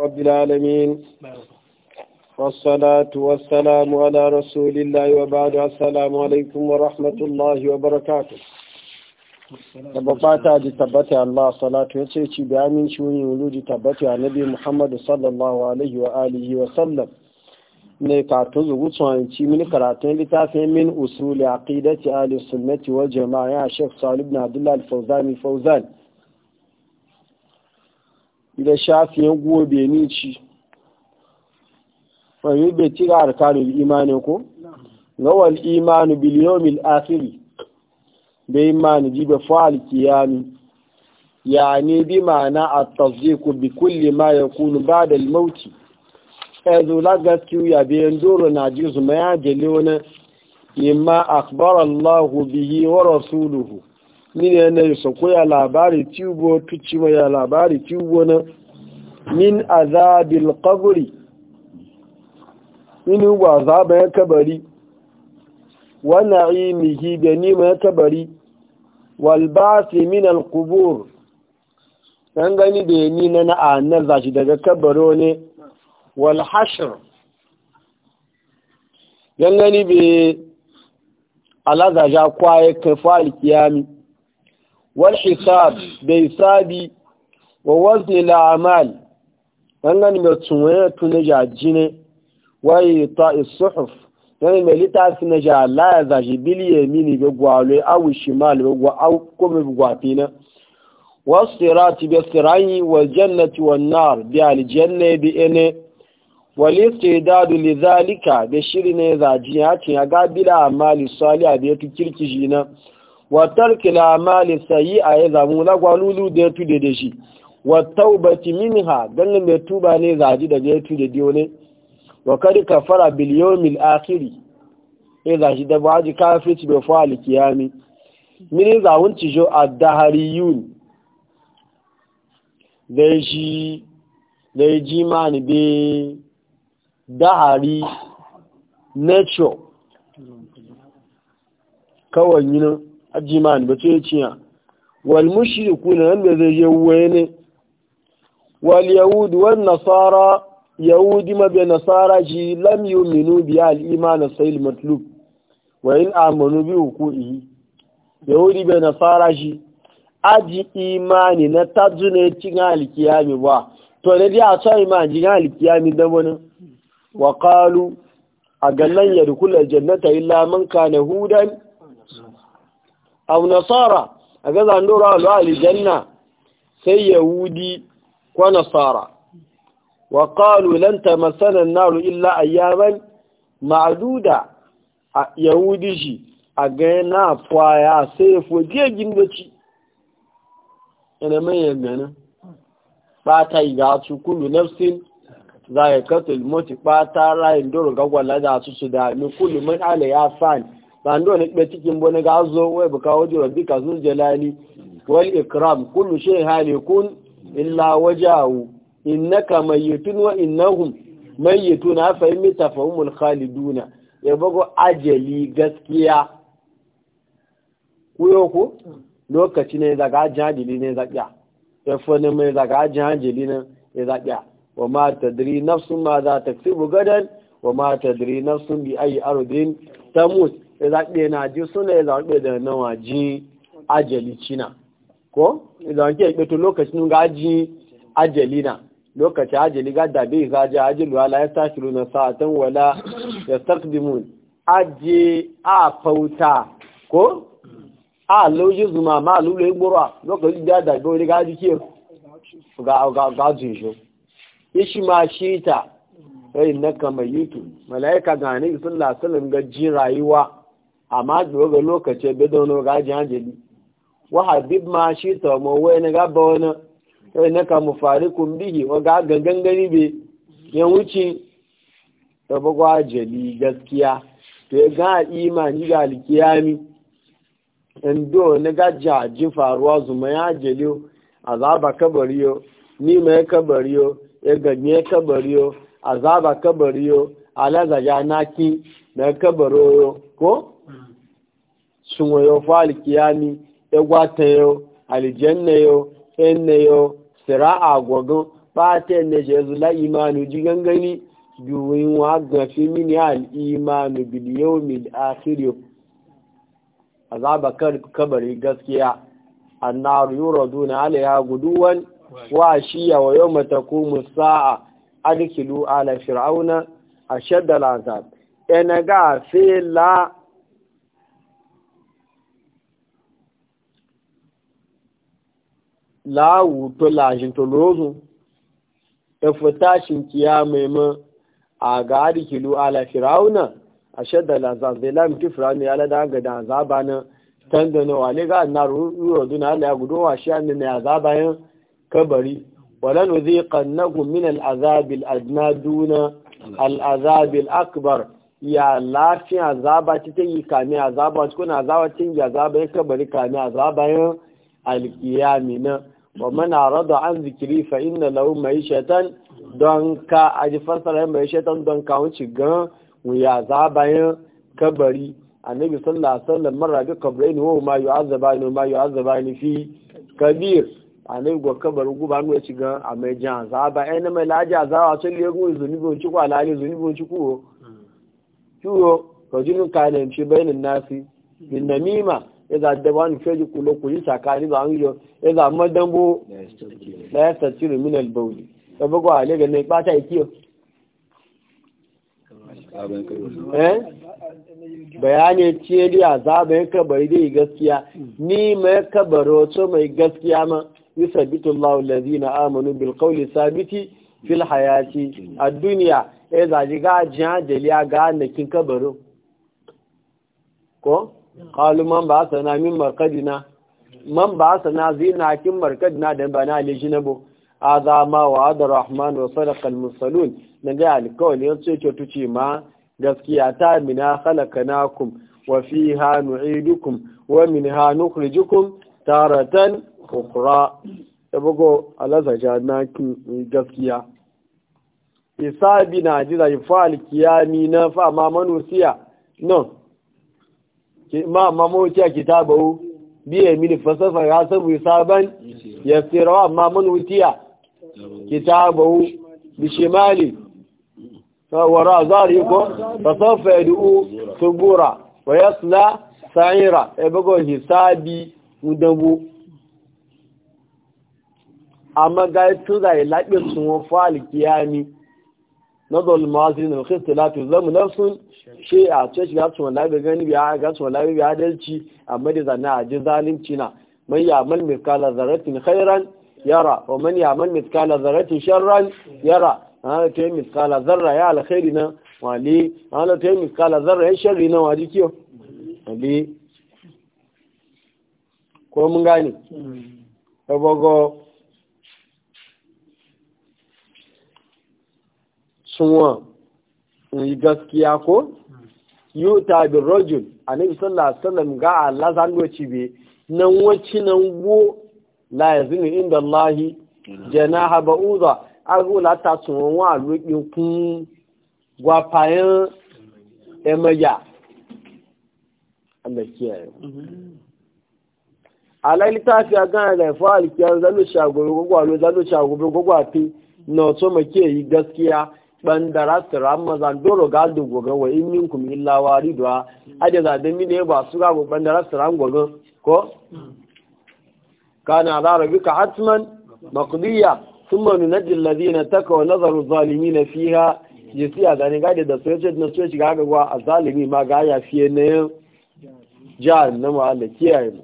رب العالمين والصلاة والسلام على رسول الله وبعد السلام عليكم ورحمة الله وبركاته تبقات هذه تبتي الله صلاة وسيتي بأمين شوني ولود تبتي على نبي محمد صلى الله عليه وآله وسلم نيكا تزغو تسوانتي من قراتين لتافين من أصول عقيدة آل السنة والجماعة الشيخ صالح بن عبد الله الفوزان الفوزان da shafiyan gobe ni ci fahimci bai cika arkanin imanin ko? lawal imanu biliyomil asiri da imani jibe fa'al kiyami ya ne bi ma'ana a tafziku bi kulle ma ya kunu ba da limauti ezu lagaskiyu ya biyan doro na jizu ma ya jale wani imma akbarallahu bihi wa rasuluhu ni ne na yi sakwai labari tubo tuci mai labari tubo na min azabil qabri min wa azaba kabari wa na'imihi da nima kabari wal ba'thi min al qubur dan gani da ni na na annar zashi daga kabaro ne wal hashr dan gani be alaza ja kwaye kafal kiyami wal hisab be sabi wa wazn al a'mal wannan mai tsunwaye tuni jaji ne waye ta isuhuf yana mai littafin na ja Allah ya zashi biliye mini ga gwalo awu shimal ga gwa au kuma gwafi na wasirati bi sirani wal jannati wan nar bi al bi ene wal istidadu li zalika bi shirne zaji ya ce ga bila amali salih bi tu kirkiji na wa tarkil amali sayi a ya zamu la gwalulu da tu da shi wa taubati minha ganin mai tuba ne zaji daga ya da diyo ne wa kari kafara bil yawmil a'kiri, e eh, zaji da kafin ci bai fa likiyami mini za zawun ci jo a dahari Yun da ya ji ni be dahari nature kawai yi ji ma ni ba ce ciya wal kuna nan da zai yi wuwa ne wal yahud nasara yahudi ma bi nasara ji lam yu'minu bi al iman as-sayl matlub wa in amanu bi hukuhi yahudi bi nasara ji aji imani na tajune cin alkiyami ba to ne dia so imani cin alkiyami da wani wa qalu a gannan yadkhul al-jannata illa man kana hudan aw nasara a ga zandura al-janna sai yahudi ko nasara wa qalu lan tamassana an-nar illa ayyaman ma'duda yahudiji agena faya sai fodi ginbaci ina mai yagana bata yi gatsu kullu nafsin zai kata ilmoti bata rayin doro gagwala da su su da ni kullu mai ala ya fani ba ndo ne kuma cikin bo na gazo wai buka wajen wajen kasu jalali wal ikram kullu shi hali kun illa wajahu innaka mayyitun wa innahum mayyitun fa yimi tafahumul khaliduna ya bago ajali gaskiya kuyo ko lokaci ne daga jahili ne zakiya ya ne mai daga jahili ne ya zakiya wa ma tadri nafsu ma za ta tsibu gadan wa ma tadri nafsu bi ayi ardin tamut ya zakiya na ji suna ya zakiya da nawaji ajali cinan ko idan ke lokaci lokacin gaji ajalina lokaci ajali ga dabe gaji ajalu ala na sa'atan wala yastaqdimun aji a fauta ko a loji zuma ma lulo igboro lokacin da dabe wani gaji ke ga ga gaji jo ishi ma shita sai na kama yutu malaika ga ne sallallahu alaihi wasallam ga jin rayuwa amma ga lokaci bedon gaji ajali wa habib ma shi ta mo wai na gaba wani sai na ka mu fari kun bihi wa ga gangan gani be ya wuce ta bagwa jali gaskiya to ya ga imani ga alkiyami ndo na gaja ji faruwa zuma ya jali azaba kabariyo ni mai kabariyo ya ganye kabariyo azaba kabariyo alaza ya naki na kabaro ko sun wayo fa alkiyami egwata yo aljanna yo enne yo sira'a gwago fata ne jesu la imanu ji gangani juwin wa gafi mini al imanu bil a akhir azaba kabari gaskiya annaru duna alaya guduwan wa shiya wa yawma musa sa'a adikilu ala fir'auna shaddala al'azab ena ga sai la Lawu tó làṣìn tó lóòzù ẹfọ tashin kiya maima a gari kilo ala Firauna a shadda lazazela miki firawuna ya lada ga da azaba na tandana wale ga na ruru duna ala ya gudu wa shi annin ya azaba yan kabari wala nuziqannahum min al'azab al'adna duna al'azab al'akbar ya lafiya azaba ta tayi kame azaba cikin azaba cin azaba ya kabari kame azaba yan alkiyami na wa mana rada an zikiri fa inna lau mai shaitan don ka a ji fassara mai shaitan don ka wuce gan wuya za bayan kabari annabi sallah sallah mara marra bi kabrain wa ma yu'azzaba ni ma yu'azzaba ni fi kabir annabi go kabarin guba mu ya ci gan a mai jan za ba ai na mai laji azawa sun le go zunubi ci ko alali zunubi ci ko ciwo rajulun kana yamshi bainan nasi bin namima إذا الدوان فيجي كله كل شكاني بعمله إذا ما دمو لا يستطيع من البول فبقوا عليه قال لك باتا يكيو bayani ce da azabai kabari dai gaskiya ni mai kabaro to mai gaskiya ma yusabitu Allahu allazina amanu bil qawli sabiti fil hayati a duniya ya zaji ga jiya da liya ga nakin kabaro ko qalu man ba sana min marqadina man ba sana zina kin marqadina da bana le jinabo azama wa adrahman wa sadaqa musalun na naga alkawli yace ce tuci ma gaskiya ta mina khalaqnakum wa fiha nu'idukum wa minha nukhrijukum taratan ukhra tabugo alaza jana ki gaskiya isabi na jira ifal kiyami na fama ma manusiya no ma mamu ce kitabu biye mini fasafa ya sabu saban ya tsirawa amma man wutiya kitabu bishimali wara zari ko fasafa ya du'u subura wa yasla sa'ira e bago hisabi mudabu amma ga tuza ya labe sun wa fali kiyami nazo almazi na khis talatu zam nafsun shi a cikin gasu wala ga gani biya a gasu wala ga adalci amma da zanna a ji zalunci na man ya'mal mithqala zarratin khairan yara wa man ya'mal mithqala zarratin sharran yara a na ta yi mithqala zarra ya alkhairi na a na ta yi mithqala zarra ya sharri na wali kiyo ko mun gani ebogo mm suwa yi gaskiya ko yuta bi rajul annabi sallallahu alaihi wasallam ga Allah zan doci be nan wacce nan go la yazinu inda Allah janaha ba'uza, arhu la ta suwa wa lokin kun gwa payan emaya Allah kiyaye alali ta fi agana da fa alkiyar zalo shagoro gogwa lo zalo shagoro gogwa fi na oto make yi gaskiya da tiram ramazan doro galdu goga wa in kuma illa waridwa aje za da mine ba su ga da bandara ramazan goga ko na zara rabbika hatman maqdiya thumma nazarin zalimi na fi ha fiha yasiya da zane gaɗe da soje na soje ga ga a zalimi ma ga ya fiye na jihar na ma'ala kiyaye mu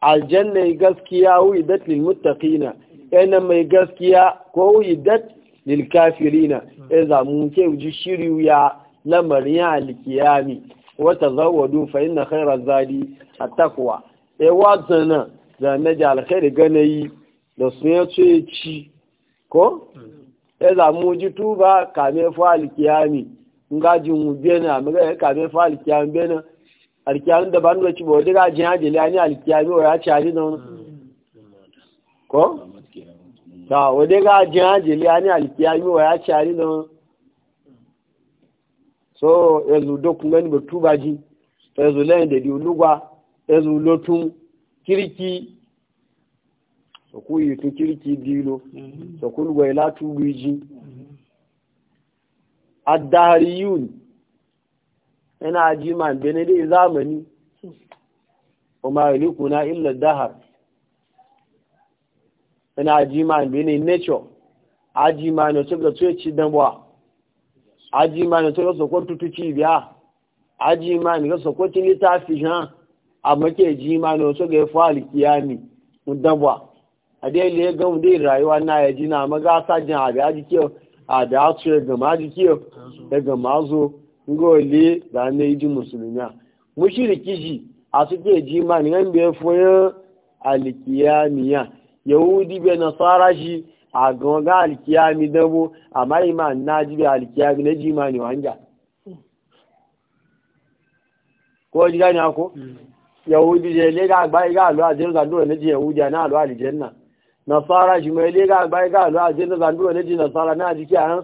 aljanna gaskiya wuyi lil muttaqina yana mai gaskiya ko wuidat lilkafirina ya zamu ke ji shiryu ya lamarin ya alkiyami wata zawadu fa inna khairar zadi a takwa ya e wata na zane da ganayi da su ya ce ci ko ya mm. zamu ji tuba kame fa alkiyami ngajin ubena maga ya kame fa alkiyami bena alkiyami da ban da ci bo daga jin hajjali ani alkiyami wa ya ci hajji da mm. ko mm. ta wadda ga jiya jeliya ne alkiyami wa ya cari na so dokun gani ba ji da lotun yi tun dilo yana ji bene zamani umar illa dahar ina ajima bi ne nature ajima ne to to ci dan wa ajima ne to so ko tutuci biya ajima ne so ko tin ta fi jan amma ke jima ne to ga fa alkiyami dan wa ade le ga mu dai rayuwa na ya jina maga sajin abi aji ke a da su ga ma aji ke daga mazo ngole da ne ji musulmiya mushriki ji a suke jima ne an be foyo alikiyamiya. yahudi bai nasara shi a ga alkiyami dabo amma iman na ji bai alkiyami na ji ma ne wanda, ko ji gani ako mm. yahudi je le ga gba ga lo ajin ga do ne ji yahudi na lo aljanna nasara shi mai le ga gba ga lo ajin ga do ne ji nasara na ji ki an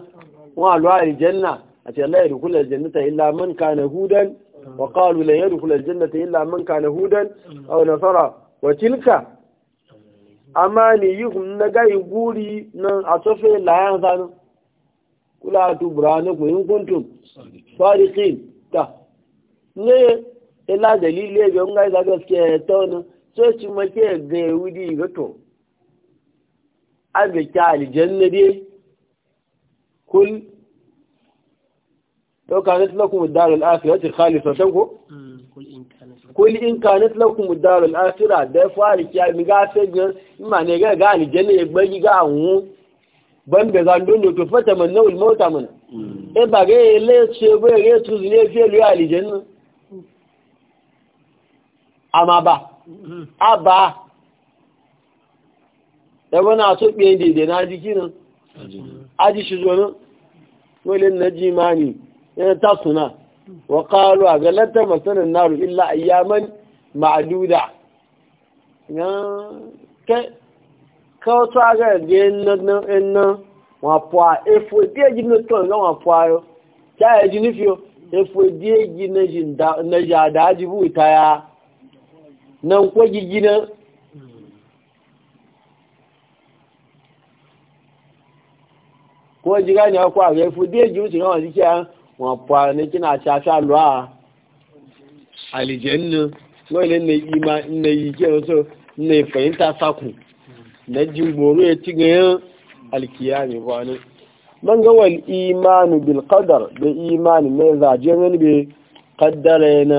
wa lo aljanna a ce la yadkhul ta illa man kana hudan wa qalu la yadkhul aljannata illa man kana hudan mm. mm. aw nasara wa tilka amma ne yi na gai guri nan a sofe layan sanu kula tu burane ku yin kuntum sadiqin ta ne ila dalile ga ngai da gaske ta wani so ci make ga yahudi ga to aga ta aljanna dai kul to ka ga lakum darul akhirati khalisatan ko mm, kul in Kuli in kanet la kuma dar al-akhirah da fari kiya mi ga sai gan ma ne ga ga aljanna ya gbagi ga anwu ban da zan don to fata man nawul mota man e ba ga le ce ba ga tu ne fi lu aljanna amma ba aba da wana so biyan dede na jiki nan aji shi zo nan wale na jimani yana ta suna wa qalu a galata masanin naru illa ayyaman ma'duda ya ke ka to aga je na na na wa pa efo die ji no to nga wa pa yo cha e ji ni fio efo na da ya ko ji ji na ko wọn fa ní kí náà ṣaṣá lọ à àlìjẹ́nu náà ilé ní ìmá ní ìyíkẹ́ ọ̀tọ́ ní ìfẹ̀yìntà sákù lẹ́jì gbòòrò etí gẹ̀yàn alìkìyà ní wani man gawal imanu bil qadar da imani na zaje wani bai kaddara yana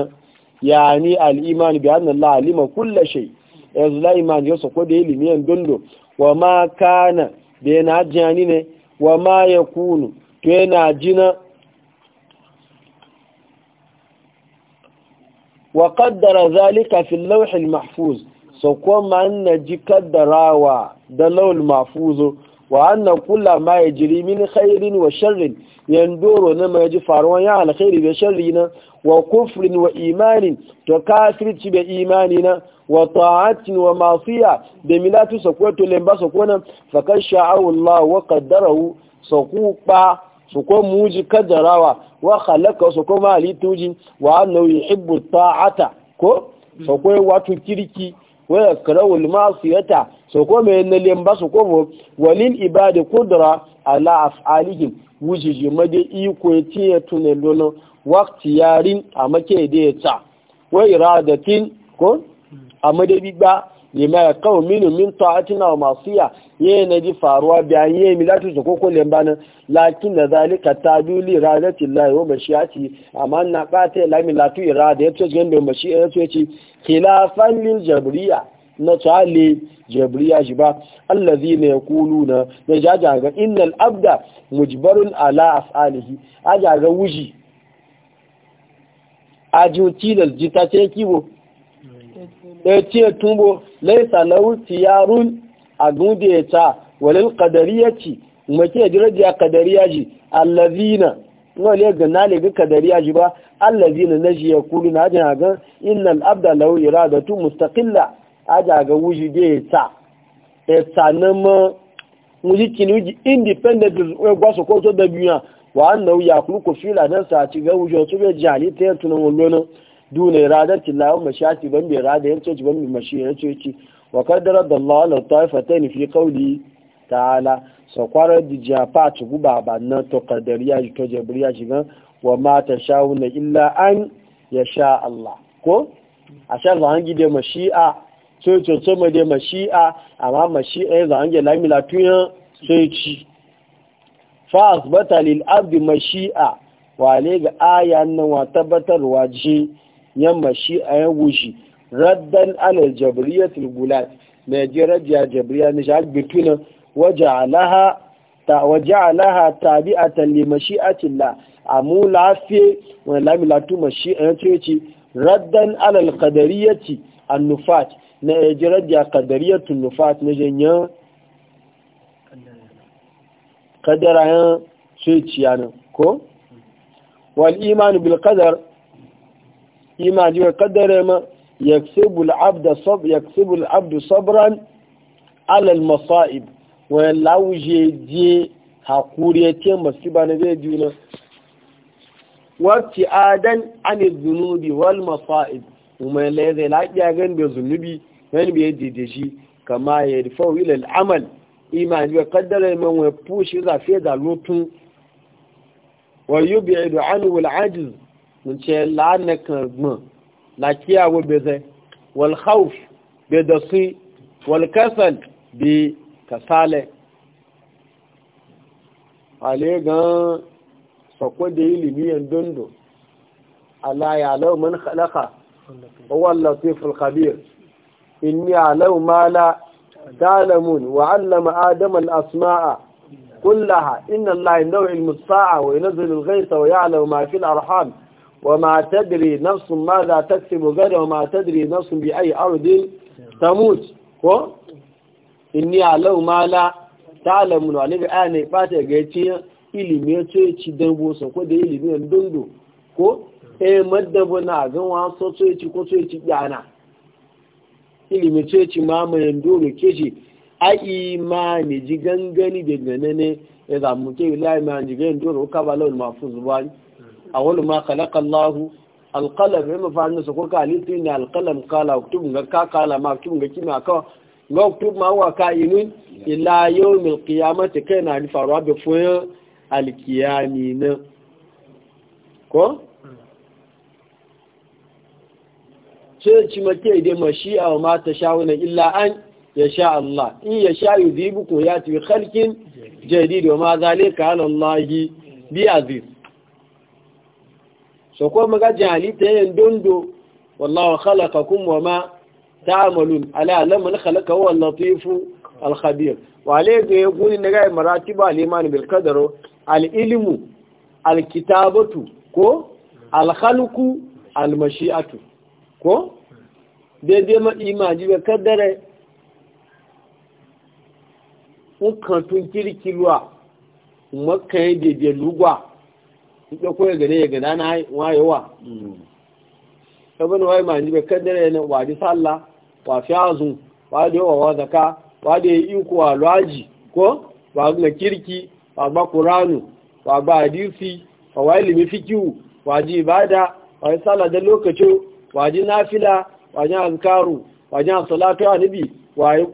yani al imani bi anna la alima kull shay yanzu la dé yaso ko da wọ́n máa dondo wa ma kana da yana wọ́n ne wa ma yakunu to yana jina wa kaddara zalika fil lauhin mahfuz so kuma an ji kaddarawa da lauhin mahfuzo wa annan kula ma ya jiri min khairin wa sharrin yandoro na ma ji faruwan ya alkhairi da sharri na wa kufrin wa imanin to kafirci da imani na wa ta'atin wa masiya da milatu sakwato lamba sakwanan fakar sha'awullah wa kaddarahu sakupa su ko muji kadarawa wa khalaka su ko tuji wa annahu yuhibbu ta'ata ko su ko kirki wa yakrahu al-ma'siyata su ko me ne lemba su ko walil ibadi qudra ala af'alihim wuji jimade iko tiye tunelono waqti yarin amake de ta wa iradatin ko amade bigba lima ya kawo minu min ta'atina wa masiya yayin na ji faruwa bayan yayin mi lati ko ko nan lakin da zalika taduli radati llahi wa mashiyati amma na qata lami latu irada yace gende mashiya yace ce khilafan lil jabriya na tsale jabriya shi ba allazina yaquluna ya kulu jaja ga innal abda mujbarun ala asalihi. aja ga wuji ajuti da jita ce kiwo. ɗaya ce tumbo laisa lauti yarun a gunde ya ta walil kadariya ce make daraja kadariya ji allazina wale ga na le ga kadariya ji ba allazina na ji ya kulu na ajin ga innal abda lahu iradatu mustaqilla aja ga wuji ya ta e tanama wuji kinu independent e gwaso ko to da biya wa annahu yakulu ko fila dan sa ci ga wuji to be jali te tunan wallona dune radar tilawar mashati ban bai rada ya coci ban bai mashi ya coci wa kaddara da Allah ala taifata ne fi kauli ta'ala sakwarar da jafa ta guba ba na to kaddariya shi to jabriya shi gan wa mata shawuna illa an ya sha Allah ko a sha zahangi da mashi'a sai coci mai da mashi'a amma mashi'a ya zahangi lamila tuyan sai ci fa asbata lil abdi mashi'a wale ga 'aya' na wa tabbatarwa ji yan a yan wushi raddan alal jabriyatul gulat na ji rajiya jabriya na shahar bituna waja'alaha ta waja'alaha tabi'atan li mashi'atillah amu lafi mashi a mashi'a ce raddan alal ci a nufat na ji rajiya tun nufat na janyan kadarayen sai ciyanin ko wal imanu bil ima ji kaddare ma yaksibu al-abda sabran ala masaib wa lauje je hakuri te masiba na zai juna wacce adan ani zunubi wal masa'ib kuma lai zai lafiya gan da zunubi wani bai jeje shi kama ya rufa ila al'amal imani wa kaddara man wa fushi za da lutun wa yubidu anhu al-ajiz nce la'ana kan gbọn lakiyawo bezai wal khawf be da su wal kasal be kasale ale gan sako da ilimiyan dondo ala ya lau man khalaqa huwa latiful khabir inni alau ma la wa 'allama adama al asma'a kullaha inna allaha yandawil musa'a wa yanzu al wa ya'lamu ma fil arham وما تدري نفس ماذا تكسب غدا وما تدري نفس بأي أرض تموت ko inni alau mala ta'lamun wa nabi ana fata ga yace ilimi yace ci dambo so ko da ilimi dundu ko e maddabo na gan wa so so ci ko so ci yana ilimi ce ci mamayen dole ke shi a imani ji gangani da ganane ya zamu ke ilahi ma ji gangani dole ka ba lawul mafuz ba awal ma khalaqa Allah alqalam yamma fa annasu ko ka ni ne alqalam kala uktub ga ka kala ma uktub ga kima ka ga uktub ma wa ka inu ila yawmil kai na ni faruwa be foyo alkiyami na ko sai ci mace da mashi'a wa mata shawunan illa an ya sha Allah in ya sha yuzibu ko ya ci halkin jadid ma zalika ala Allah bi aziz so ko maga jahalita yayin dondo wallahu khalaqakum wama ta'malun ala lam khalaqa huwa al-latif al wa alayhi yaqulu naga maratiba al-iman bil qadar al-ilmu al ko al almashi'atu al-mashi'atu ko daidai ma imaji ga kaddare ukan tun kirkiruwa daidai lugwa ya koya gane ya gada na wayewa sabon waye ma jibe dare ne wadi salla wa fiyazu wadi wa wazaka wadi iko wa lwaji ko wa na kirki wa ba qur'anu wa ba hadisi wa wa ilmi fikihu wa ji ibada wa sallah da lokaci wa ji nafila wa ji azkaru wa ji salatu annabi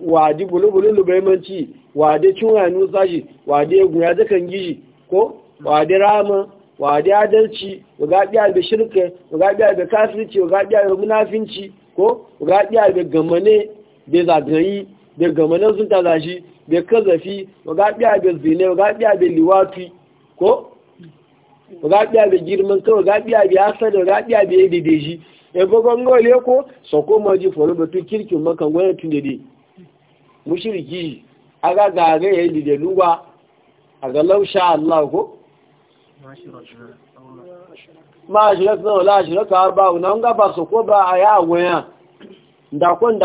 wa ji bulubulun lubaimanci wa da cin hanu saji wa da guya zakan gishi ko wa da rama wa adalci wa ga biya da shirka wa ga biya da kafirci wa ga biya da munafinci ko wa ga biya da gamane da zagayi da gamane sun tazashi da kazafi wa ga biya da zine wa ga biya da liwafi ko wa ga biya da girman kai wa ga biya da hasar wa ga biya da yadideji e gogon gole ko sako maji foro batun kirkin makan gwamnatin da dai mushirki aga gare yadidelu ba a ga lausha Allah ko ma shirka wala shirka arba unan gaba su ko ba a ya waya da kun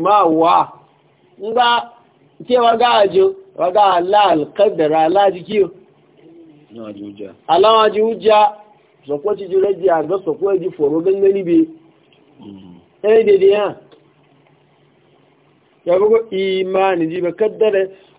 ma wa nga cewa ga ajo waga Allah alqadara la jiki na juja ga juja so ti jure di arba so ko ji foro gangani be mm-hmm. de de ya ya bugo imani ji ba kaddara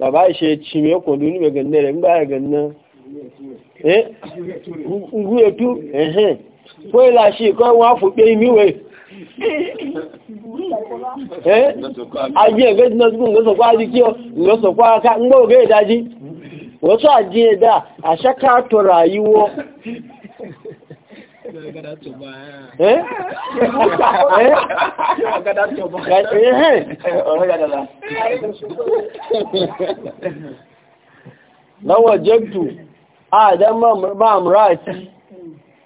bàbá ìṣe tìmí ọkọ̀ lónìí mẹ́gàn rẹ̀ ńgbà ẹ̀gàn náà ngú ètú ẹ̀hẹ́n kó ìlà e ṣe ìkọ́ wọn á fòpé imíwẹ̀ ajé ẹ̀gẹ́ tí lọ́sùkú na wajabtu a dan ba murati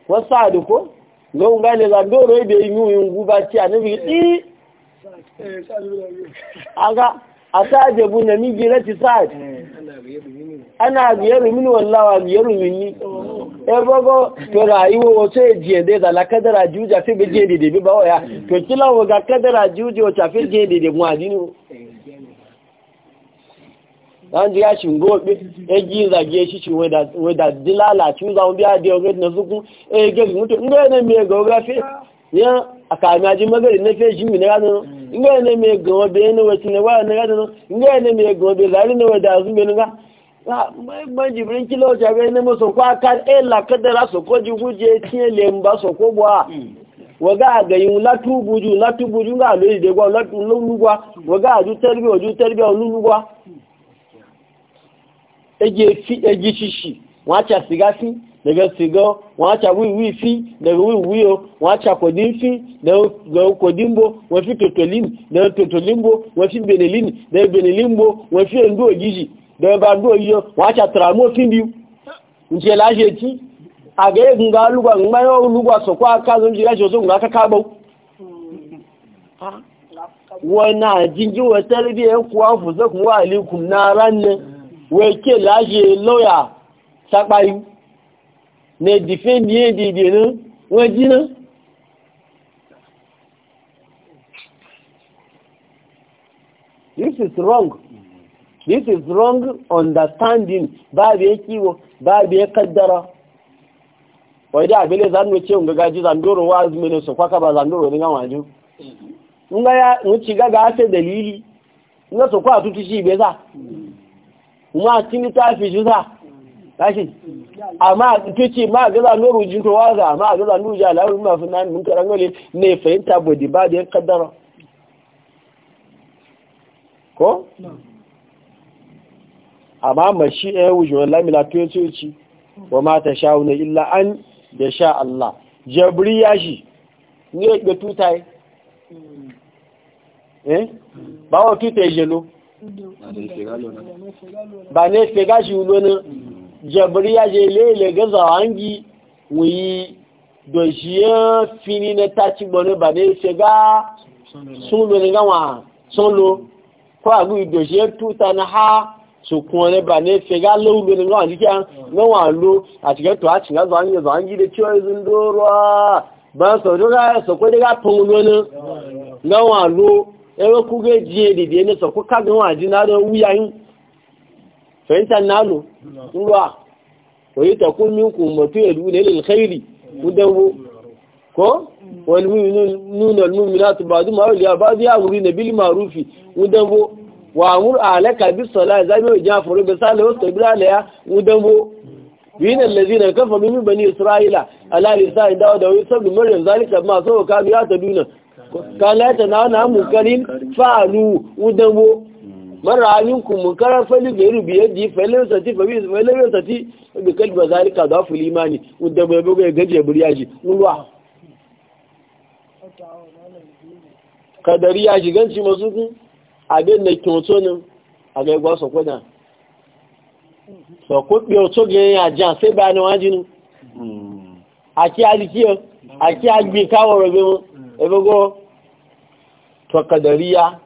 wasu aduko lóhun gane zagoro ibe inú yungu bá tí a níbi tí aga asajabu na migirati sa'ad ana biyaru mini wallawa biyaru mini ebogo to rayuwa wato ya jiye dai da lakadara juja fi bi jede de bi bawo ya to kila wa ga kadara juja wata fi jede de mu adinu dan ji ya shingo bi e ji zage shi shi weda weda dilala chu za bi ade o na zuku e ge mutu ndo ne me geography ya akami aji magari na fe shi mi ne no nga ne me gawa be ne wati ne wa ne ga nga ne me gawa be la ne wa da su be nga na ma jibrin kilo ja be ne mo so kwa ka e la kadara so ko ji guje ti le mba so ko bwa hmm. waga agayin latu buju latu buju nga lo ide gwa latu lulugwa waga aju terbi oju terbi olulugwa eje fi eje shishi wọ́n á daga sìgá wọ́n á wíwí daga wíwí o wọ́n kodi kòdí daga kodi mbo wafi tòtòlín daga tòtòlímbó wọ́n fi daga benelímbó wọ́n fi ẹ̀ndú daga bàndú òyíyọ wọ́n á sà tàràmó fíbi ń ṣe láṣẹ tí àgẹ́gùn ga lúgbà ń gbáyọ́ olúgbà sọ̀kọ́ akáàzọ́ ìjìlá ṣọ́sọ́ ń rákàkà bọ́ wọ́n náà jíjí wọ́n tẹ́lẹ̀ bí ẹ̀kùn wọ́n fòsẹ́kùn wà ní kùn náà rán sápáyú ní dìfẹ́ndì èdè èdè náà wọ́n jíná this is wrong this is wrong understanding babu ya kiwo babu ya kaddara wai da abin da zanuwa ce ga gaji zandoro wa azumi su kwaka ba zandoro ne gama ju nga ya wuce gaga dalili kuma a cikin za tashi amma kace ma ga za nuru jin to waza amma ga za nuru ja lawu ma fa nan mun karangole ne fahimta bodi ba da kaddara ko amma mashi eh wujo wallahi mila to ci wa ma ta shauna illa an da sha Allah jabri ya shi ne ga tutai eh ba wa tutai jelo ba ne fega shi ulo ne jabriya je lele ga zawangi wuyi don shi ya fini na taci gbọ́nà ba ne ṣe ga sun lo ni gawa sun lo ko agu don shi tuta na ha sokun ọ̀rẹ́ ba ne ṣe ga ne ni gawa ní kí a gawa lo àti kẹtọ àti ga zawangi zawangi da ciwo izin doro ba so dora so ko ga tun lo ni gawa lo ẹwẹ́ kúgẹ́ jí èdèdè ní sọ̀kọ́ kágan wà jí náà fahimtar nalo ruwa wai ta kunmin kumatu ya dune lil khairi kudan ko wal mu'minun wal mu'minatu ba'du ma awliya ba'du ya'muruna bil ma'rufi kudan wa amur alaka bis salati zami jafaru bi salati wa sabila la kudan بين الذين كفروا من بني إسرائيل على mara minkum karar falyughayiru bi yadihi fa lam yastati fa bi fa lam bi kalbi zalika da al limani wanda bai buga ya gaje buriyaji ulwa kadari ya ji ganci masu ku abin da kyoto ne a ga igwa sokwa da sokwa kyoto ga ya jan sai ba ni wajinu aki alikiyo aki agbi kawo rabe mu ebe go to kadariya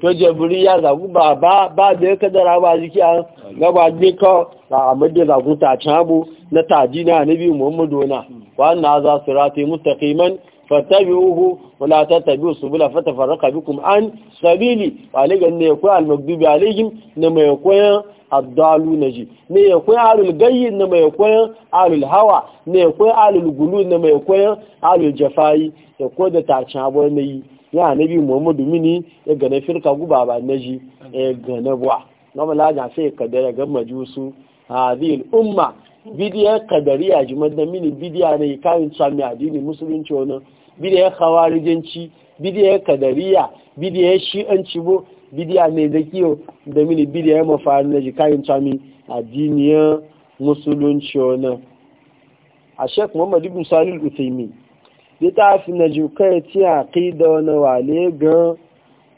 to jabiri ya zagu ba ba ba da ya kadara ba jiki a gaba ne ka a amadda zagu ta cabu na taji na nabi muhammadu na na za su rata mustaqiman fattabi'uhu wa la tattabi'u subula fatafarraqa bikum an sabili alayhi ne ko al-maghdubi alayhim ne mai koyan addalu na ne ya koyan alul gayyi na mai koyan alul hawa ne ya koyan alul gulu na mai koyan alul jafayi ya ko da tacin abuwa na yi ya anabi muhammadu mini ya gane firka guba ba na ji ya gane buwa na malaja sai kadara ga majusu umma bidiyar kadari jimar mini bidiya ne kayan sami addini musulunci wani bidiyar khawarijanci bidiyar kadariya bidiyar shi'anci bo bidiya ne da kiyo da mini bidiyar mafari na jikayin cami addiniyar musulunci wani a shek muhammadu bin salil utaimi ya fi na jikai a kai da wani wale gan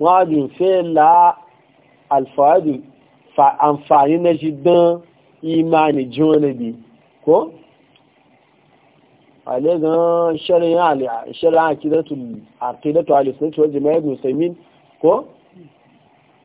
wadin fela alfahadu amfani na shi don imani ji bi ko ale gan shirin ali shirin akidatu akidatu ali sunni wa jama'a ibn saimin ko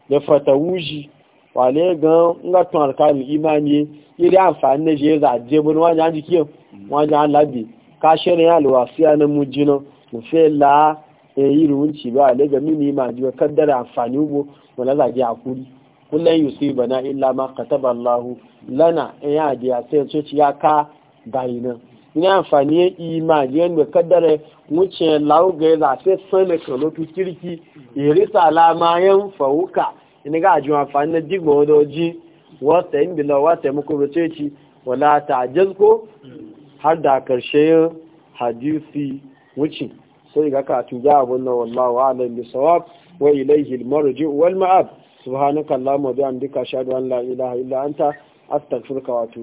da fatawuji wale gan nga tun alkalin imani iri amfani na je za je bin wani an jiki wani an labi ka shirin ya alwa fiya na mujina mu fe la e yiri wunci ba ale ga mini ma ji ba kaddara amfani ubo wani za a akuri kullum bana illa ma kataba Allah lana in e, ya a sai ya ka bayina ní àǹfààní ìmọ̀ àjẹ́ ẹnu kaddara wuce lauga zafe sani kalotu kirki irisa alamayen fawuka ina ga ajiyar amfani na jigba wadoji wata yin bilawa wata muku rute ci wala ta jazgo har da karshe hadisi wuce sai ga ka tuja abun nan wallahu alam bi sawab wa ilayhi marji wal ma'ab subhanaka allahumma wa bihamdika ashhadu an la ilaha illa anta astaghfiruka wa atubu